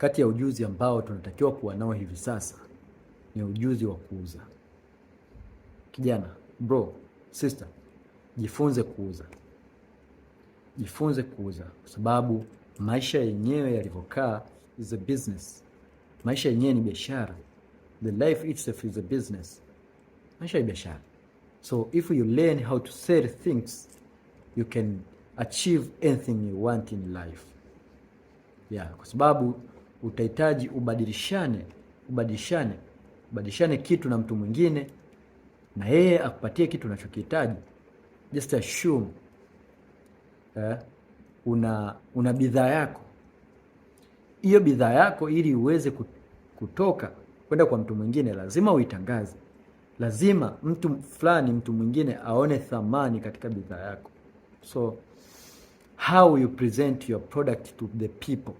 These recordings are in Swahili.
Kati ya ujuzi ambao tunatakiwa kuwa nao hivi sasa ni ujuzi wa kuuza. Kijana, bro, sister, jifunze kuuza, jifunze kuuza, kwa sababu maisha yenyewe yalivyokaa is a business. Maisha yenyewe ni biashara, the life itself is a business. Maisha ya biashara, so if you learn how to sell things you can achieve anything you want in life, yeah, kwa sababu utahitaji ubadilishane ubadilishane ubadilishane kitu na mtu mwingine, na yeye akupatie kitu unachokihitaji. Just assume eh, una una bidhaa yako, hiyo bidhaa yako ili uweze kutoka kwenda kwa mtu mwingine, lazima uitangaze, lazima mtu fulani, mtu mwingine aone thamani katika bidhaa yako. So how you present your product to the people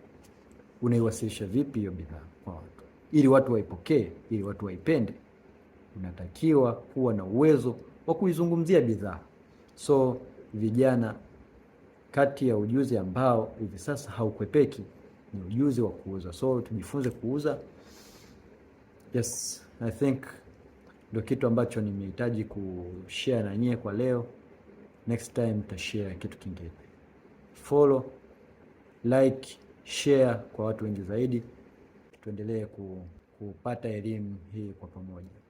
unaiwasilisha vipi hiyo bidhaa kwa watu, ili watu waipokee, ili watu waipende? Unatakiwa kuwa na uwezo wa kuizungumzia bidhaa. So vijana, kati ya ujuzi ambao hivi sasa haukwepeki ni ujuzi wa kuuza, so tujifunze kuuza. Yes, I think ndio kitu ambacho nimehitaji kushare na nyie kwa leo. Next time tashare kitu kingine. Follow, like share kwa watu wengi zaidi, tuendelee kupata elimu hii kwa pamoja.